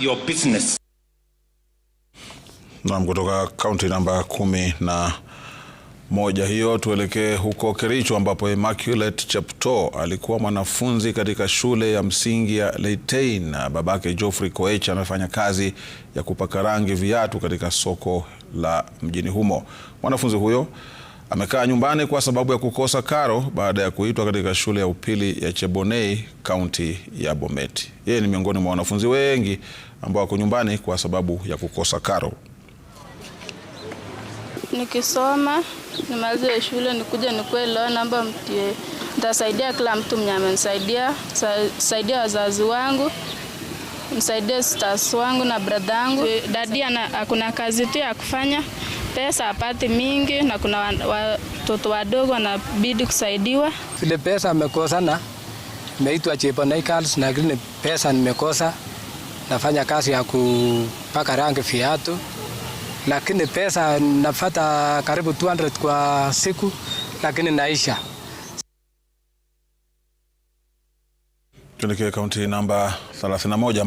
your business. Naam, kutoka kaunti namba kumi na moja hiyo, tuelekee huko Kericho ambapo Immaculate chapto alikuwa mwanafunzi katika shule ya msingi ya Leitein na babake Geoffrey Koech anafanya kazi ya kupaka rangi viatu katika soko la mjini humo. Mwanafunzi huyo amekaa nyumbani kwa sababu ya kukosa karo baada ya kuitwa katika shule ya upili ya Chebonei, kaunti ya Bomet. Yeye ni miongoni mwa wanafunzi wengi ambao wako nyumbani kwa sababu ya kukosa karo. Nikisoma nimalize shule nikuja nikuwe leo namba mtie, ntasaidia kila mtu mwenye amenisaidia, saidia wazazi wangu msaidie stas wangu na brada yangu. Dadi ana, kazi tu ya kufanya pesa apati mingi na kuna watoto wadogo wanabidi kusaidiwa. Vile pesa meitwa imeitwa Cheponaicals na lakini pesa nimekosa, nafanya kazi ya kupaka rangi viatu, lakini pesa nafata karibu 200 kwa siku, lakini naisha Tuelekee kaunti namba 31.